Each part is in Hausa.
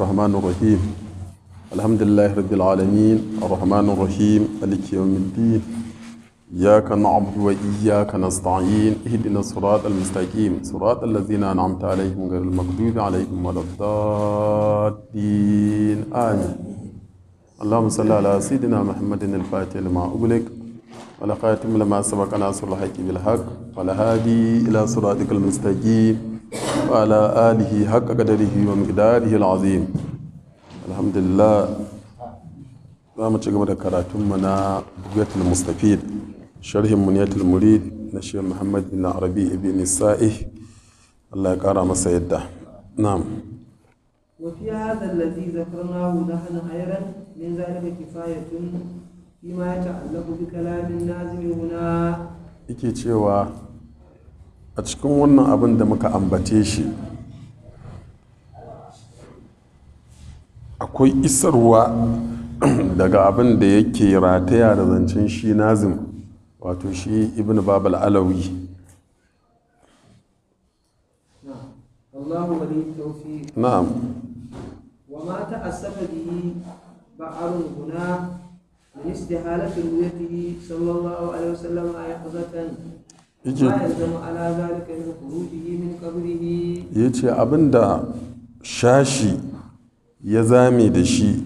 الرحمن الرحيم الحمد لله رب العالمين الرحمن الرحيم مالك يوم الدين إياك نعبد وإياك نستعين اهدنا الصراط المستقيم صراط الذين أنعمت عليهم غير المغضوب عليهم ولا الضالين آمين اللهم صل على سيدنا محمد الفاتح لما أغلق ولا خاتم لما سبق ناصر الحق بالحق ولا هادي إلى صراطك المستقيم وعلى آله حق قدره ومقداره العظيم الحمد لله zamu ci gaba da karatunmu na bugatul mustafid sharhin muniyatul murid na shi muhammad bin arabi ibn Allah ya kara masa yadda na'am wa fi hadha alladhi zakarnahu nahnu ayran min zalika kifayatun cewa a cikin wannan abin da muka ambace shi akwai isarwa daga abin da yake rataya da zancen shi nazim wato shi ibn babal alawi na'am wa ma ta'assaba bihi ba'arun guna min istihalatin yi sallallahu alaihi wasallam ayaqzatan ya ce abinda shashi ya zame da shi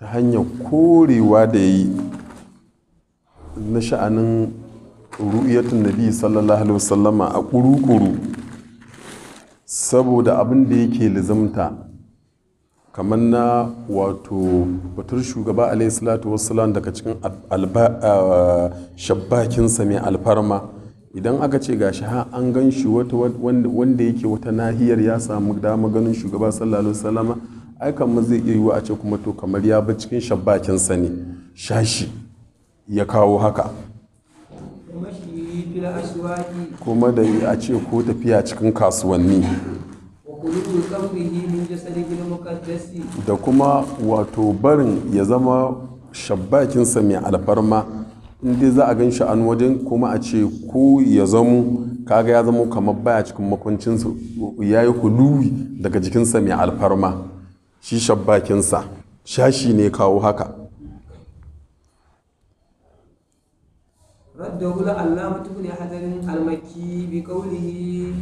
ta hanyar korewa da ya yi na sha'anin ru'iyatun nabi sallallahu alaihi wasallama a ƙuru saboda abin da yake lizamta kamar na wato batar shugaba alaihi salatu wasu daga cikin ah, shabbakinsa mai alfarma idan aka ce ga shi an gan shi wanda yake wata nahiyar ya samu dama ganin shugaba sallallahu alaihi wasallama ai kamar zai iya yiwu a ce kuma to kamar ya bi cikin shabbakin sa ne shashi ya kawo haka kuma da a ce ko tafiya cikin kasuwanni da kuma wato barin ya zama shabbakinsa mai alfarma in dai za a gan shi an wajen kuma a ce ko ya zamo kaga ya zamo kamar baya cikin makwancinsa ya yi kuluwi daga jikinsa mai alfarma shi shabbakinsa shashi ne kawo haka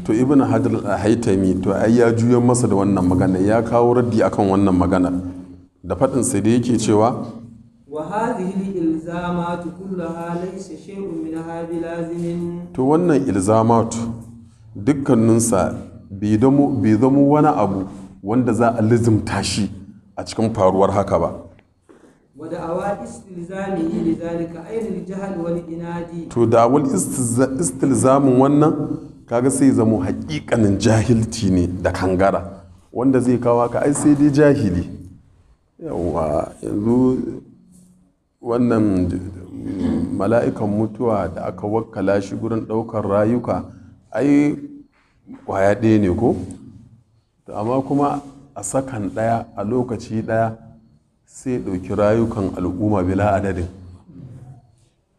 to ibn hajar a haitami to ai ya juyan masa da wannan magana ya kawo raddi akan wannan magana da faɗin sai da yake cewa وهذه الإلزامات كلها ليس شيء منها بلازم to wannan ilzamatu dukkaninsa bai zama wani abu wanda za a lizimta shi a cikin faruwar haka ba to da awal istilzamin wannan kaga sai zamo hakikanin jahilci ne da kangara wanda zai kawo ka ai sai dai jahili Yawwa yanzu wannan mala'ikan mutuwa da aka wakkala shi gurin ɗaukar rayuka ai kwaya ɗaya ne ko amma kuma a sakan ɗaya a lokaci ɗaya sai ɗauki rayukan al'umma bila adadin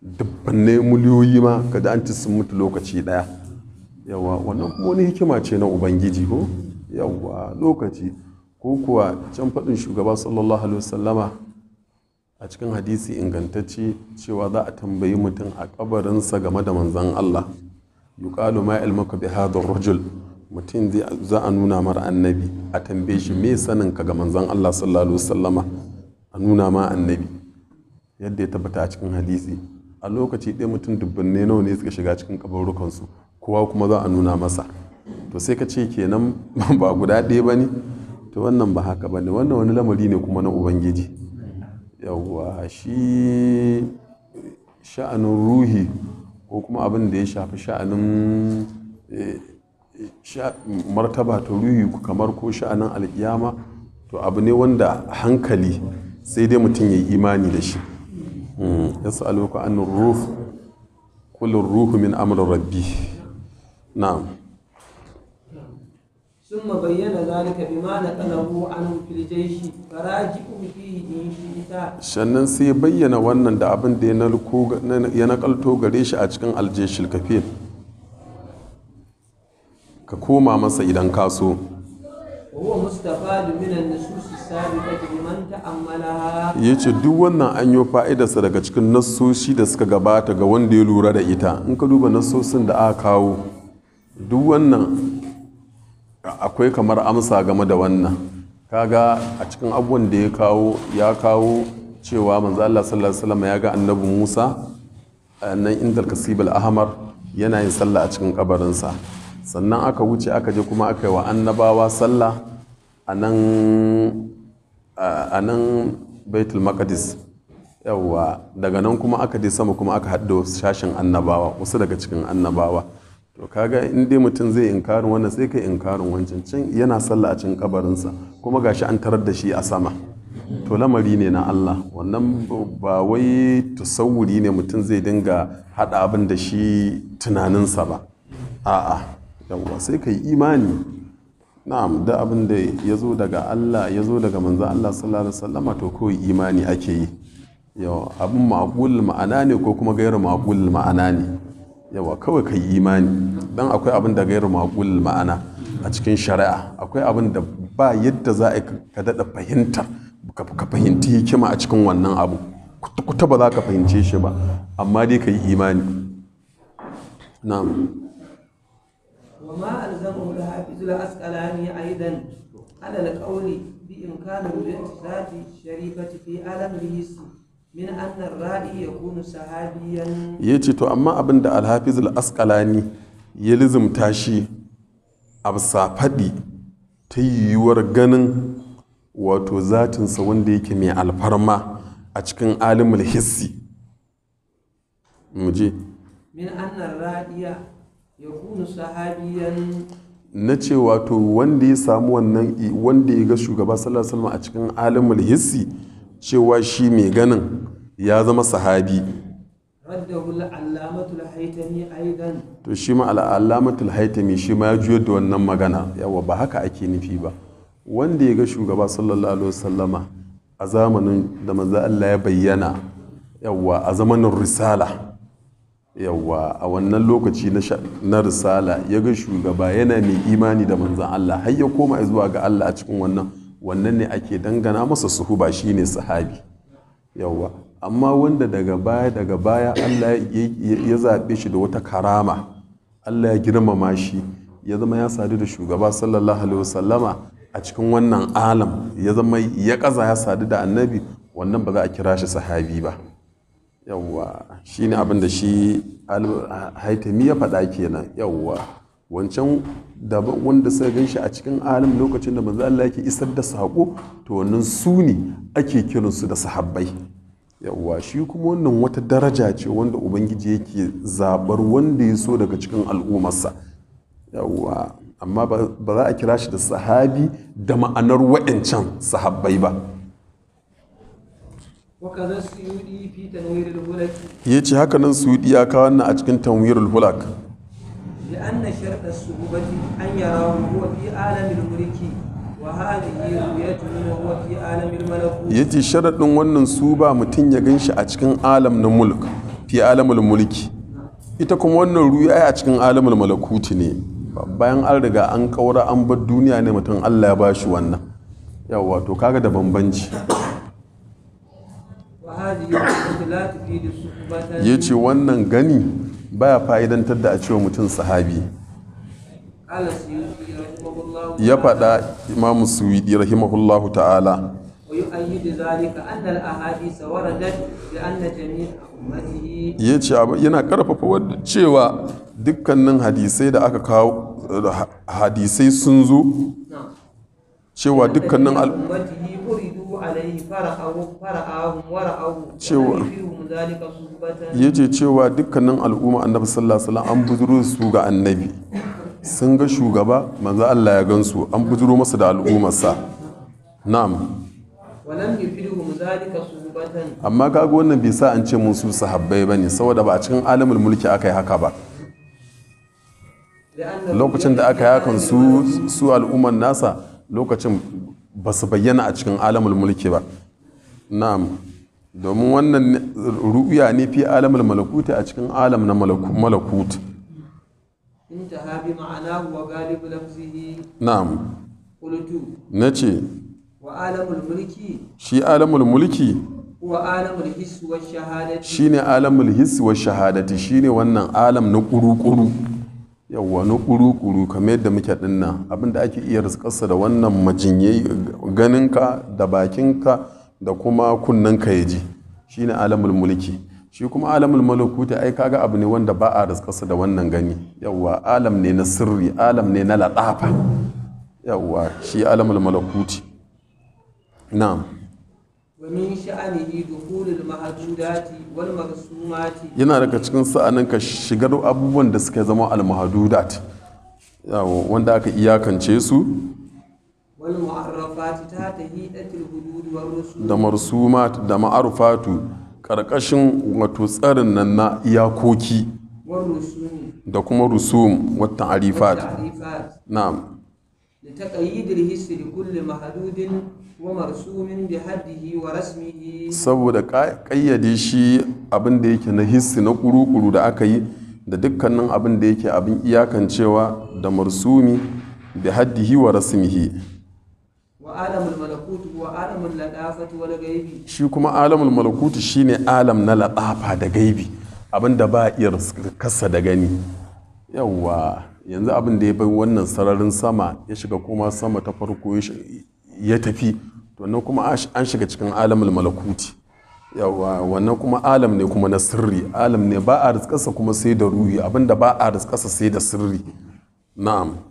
dubbanne miliyoyi ma ga an sun mutu lokaci ɗaya yawa wannan kuma wani hikima ce na ubangiji ko yawa lokaci ko kuwa can faɗin shugaba sallallahu alaihi wasallama a cikin hadisi ingantacce cewa za a tambayi mutum a kabarinsa game da manzan Allah yuqalu ma ilmaka bi hadha rajul mutum za a nuna mara annabi a tambaye shi me sanin ka ga manzan Allah sallallahu alaihi wasallama a nuna ma annabi yadda ya tabbata a cikin hadisi a lokaci ɗaya mutum dubbanne nawa ne suka shiga cikin kabarukansu kowa kuma za a nuna masa to sai ka ce kenan ba guda ɗaya ba ne to wannan ba haka ba ne wannan wani lamari ne kuma na ubangiji yawwa shi sha'anin ruhi ko kuma abin da ya shafi sha'anin eh, martaba ta ruhi kamar ko sha'anin alkiyama to abu ne wanda hankali sai dai mutum ya yi imani da shi hmm, ya sa'alu ka annin ruhu kullum ruhu min amurin rabbi na'am ثم بين ذلك بما نقله عنه في الجيش فراجعوا فيه إن شئت sannan sai bayyana wannan da abin da ya nakalto gare shi a cikin aljeshil kafin ka koma masa idan ka so ya ce duk wannan an yi fa'idarsa daga cikin nasoshi da suka gabata ga wanda ya lura da ita in ka duba nassosin da aka kawo duk wannan akwai kamar amsa game da wannan kaga a cikin abubuwan da ya kawo ya kawo cewa manzo Allah sallallahu alaihi wasallam ya ga annabi Musa nan indal kasibul ahmar yana yin sallah a cikin kabarinsa sannan aka wuce aka je kuma aka yi wa annabawa sallah a nan a nan baitul maqdis yawa daga nan kuma aka je sama kuma aka haddo shashin annabawa wasu daga cikin annabawa to kaga in dai mutum zai inkarin wannan sai kai inkarin wancan can yana sallah a cikin kabarinsa kuma gashi an tarar da shi a sama to lamari ne na Allah wannan ba wai tasawuri ne mutum zai dinga hada abin da shi tunaninsa ba a'a yawa sai kai imani na'am da abin da ya zo daga Allah ya zo daga manzo Allah sallallahu alaihi wasallama to kawai imani ake yi yawa abin ma'qul ma'ana ne ko kuma gairu ma'qul ma'ana ne yawa kawai ka yi imani dan akwai abin da gairu maƙul ma'ana a cikin shari'a akwai abin da ba yadda za a ka daɗa fahimtar ka fahimci hikima a cikin wannan abu kuta ba za ka fahimce shi ba amma dai ka yi imani na'am وما ألزمه الحافظ أيضا على القول بإمكان الشريفة في min annar ra'i sahabiyan yace to amma abin da al-hafiz ya lizumta shi a faɗi ta yiwuwar ganin wato zatinsa wanda yake mai alfarma a cikin alimul hissi muje min annar ra'iya ya kunu sahabiyan na ce wato wanda ya samu wannan wanda ya ga shugaba sallallahu alaihi wasallam a cikin alimul hissi cewa shi mai ganin ya zama sahabi to shi ma shima haitami shi ma ya juyar da wannan magana yawa ba haka ake nufi ba wanda ya ga shugaba sallallahu alaihi wasallama a zamanin da manzo Allah ya bayyana yawa a zamanin risala yawa a wannan lokaci na risala ya ga shugaba yana mai imani da manzan Allah har ya koma zuwa ga Allah a cikin wannan wannan ne ake dangana masa suhuba shine sahabi yawa amma wanda daga baya daga baya Allah ya zaɓe shi da wata karama Allah ya girmama shi ya zama ya sadu da shugaba sallallahu alaihi wasallama a cikin wannan alam ya zama ya ƙaza ya sadu da annabi wannan ba za a kira shi sahabi ba yawwa shi ne abin da shi haitami ya faɗa kenan yawwa wancan daban wanda suka gan shi a cikin alam lokacin da manzo Allah yake isar da saƙo to wannan su ne ake kiransu da sahabbai yawwa shi kuma wannan wata daraja ce wanda ubangiji yake zabar wanda ya so daga cikin al'ummarsa yawwa amma ba za a kira shi da sahabi da ma'anar wa'ancan sahabbai ba ya ce haka nan su yi ya kawo wannan a cikin tanwirul hulak لأن شرط أن يراه هو في عالم ya ce sharaɗin wannan su ba mutum ya gan shi a cikin alam na mulk fi alamul mulki ita kuma wannan ruya a cikin alamul malakuti ne bayan an riga an kawara an bar duniya ne mutum allah ya ba shi wannan yawwa to kaga da bambanci ya ce wannan gani baya fa'idantar da a cewa mutum sahabi ya faɗa imamu suwidi rahimahullahu ta'ala ya ce yana ƙarfafa wadda cewa dukkanin hadisai da aka kawo hadisai sun zo cewa dukkanin al ya ce cewa dukkanin al'umma annabi sallallahu alaihi an buzuru su ga annabi sun ga shugaba manzo Allah ya gansu an bujiro masa da al'ummarsa na'am amma kaga wannan bai sa an ce mun su sahabbai bane saboda ba a cikin alamul mulki aka yi haka ba lokacin da aka yakan su su al'ummar nasa lokacin ba su bayyana a cikin alamul mulki ba na'am domin wannan ru'uya ne fi alamul malakuta a cikin alam na malakut انتهى بمعناه وغالب لفظه نعم قلت نتي وعالم الملك شي عالم الملك هو عالم الحس والشهادة شيني عالم الحس والشهادة شيني wannan alam na kurukuru yawwa na kuru kamar yadda muke dinnan abinda ake iya ƙasa da wannan majinye ganinka da bakinka da kuma kunnanka ya ji shine alamul mulki shi kuma alamul malakuta ai kaga abu ne wanda ba a rizkarsa da wannan gani yawwa alam ne na sirri alam ne na ladafa yawwa shi alamul malakuti na'am ومن شأنه دخول المحدودات والمقسومات yana daga cikin sa'anin ka shigar abubuwan da suka zama al-mahdudat wanda aka iyakance su wal mu'arrafat ta tahidatul hudud war rusum da marsumat da ma'arufatu ƙarƙashin wato tsarin nan na iyakoki da kuma rusum wata arifat na'am saboda ƙayyade shi abin da yake na hissi na kuru da aka yi da dukkanin abin yake abin iyakancewa da marsumi da haddihi wa rasmihi shi kuma alamul malakutu shine alam na laɗafa da gaibi abinda ba iya kasa da gani yawwa yanzu abin da ya bai wannan sararin sama ya shiga kuma sama ta farko ya tafi to kuma an shiga cikin alamul malakuti yawwa wannan kuma alam ne kuma na sirri alam ne ba a kasa kuma sai da ruhi abinda ba a kasa sai da sirri na'am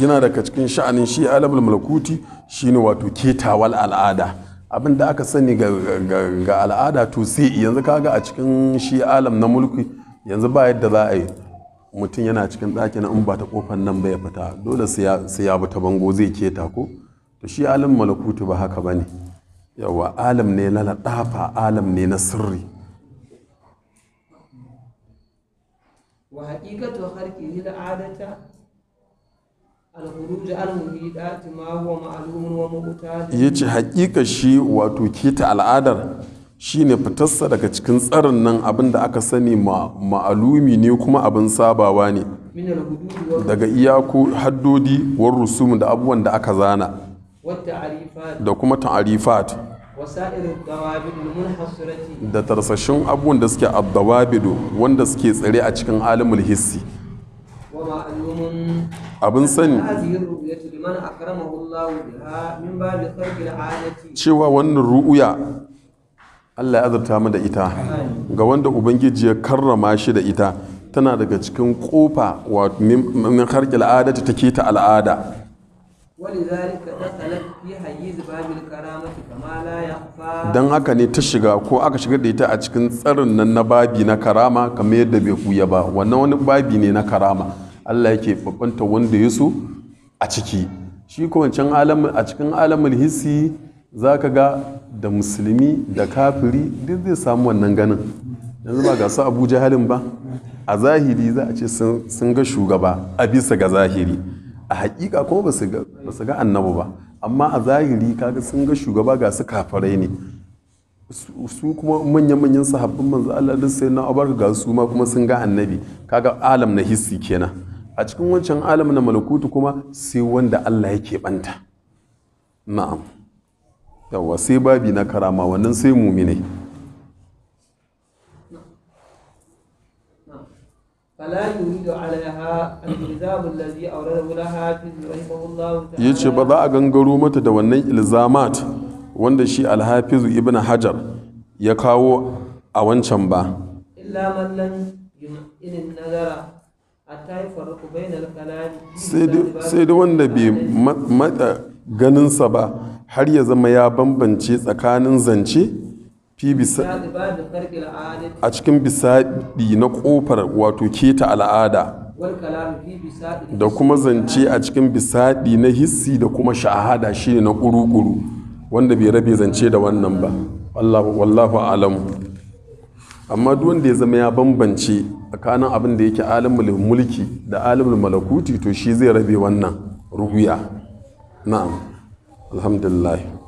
yana daga cikin sha'anin shi alabul malakuti shine wato ketawal al'ada abin da aka sani ga al'ada to sai yanzu kaga a cikin shi alam na mulki yanzu ba yadda za a yi mutum yana cikin ɗakin in ba ta kofar nan bai fita dole sai ya bi ta bango zai keta ko to shi alam malakuti ba haka ba ne yawa alam ne na laɗafa alam ne na sirri mawuwa خلقه العادة الخروج المبيدات ya ce haƙiƙa shi wato ke ta al'adar shi shine fitarsa daga cikin tsarin nan abin da aka sani ma'alumi ne kuma abin sabawa ne daga iyako haddodi war da abubuwan da aka zana da kuma ta'arifat da tarsashin abubuwan da suke addawabidu wanda suke tsare a cikin alimul hissi abin sani cewa wannan ru'uya Allah ya azurta mu da ita ga wanda ubangiji ya karrama shi da ita tana daga cikin kofa wa min harkil ta take ta al'ada don dan haka ne ta shiga ko aka shiga da ita a cikin tsarin nan na babi na karama kamar yadda bai kuya ba wannan wani babi ne na karama Allah yake babanta wanda ya so a ciki shi ko wancan a cikin alamin hissi za ka ga da musulmi da kafiri duk zai samu wannan ganin yanzu ba ga su Abuja halin ba a zahiri za a ce sun ga shugaba a bisa ga zahiri a hakika kuma ba su ga ba su ga annabu ba amma a zahiri kaga sun ga shugaba ga su kafarai ne su kuma manya-manyan sahabbin manzo Allah duk sai na abarka ga su ma kuma sun ga annabi kaga alam na hissi kenan a cikin wancan alam na malakutu kuma sai wanda Allah yake banta na'am yawa sai babi na karama wannan sai mumine ya ce ba za a gangaro mata da wannan ilzamat wanda shi alhafizu ibn hajar ya kawo a wancan ba sai da wanda bai matsa ganinsa ba har ya zama ya bambance tsakanin zance fi bisa a cikin bisaɗi na ƙofar wato keta al'ada da kuma zance a cikin bisaɗi na hissi da kuma shahada shine na ƙuruƙuru wanda bai rabe zance da wannan ba wallahu alamu amma duk wanda ya zama ya bambance tsakanin abin da yake alimul mulki da alimul malakuti to shi zai rabe wannan ruwiya na'am alhamdulillah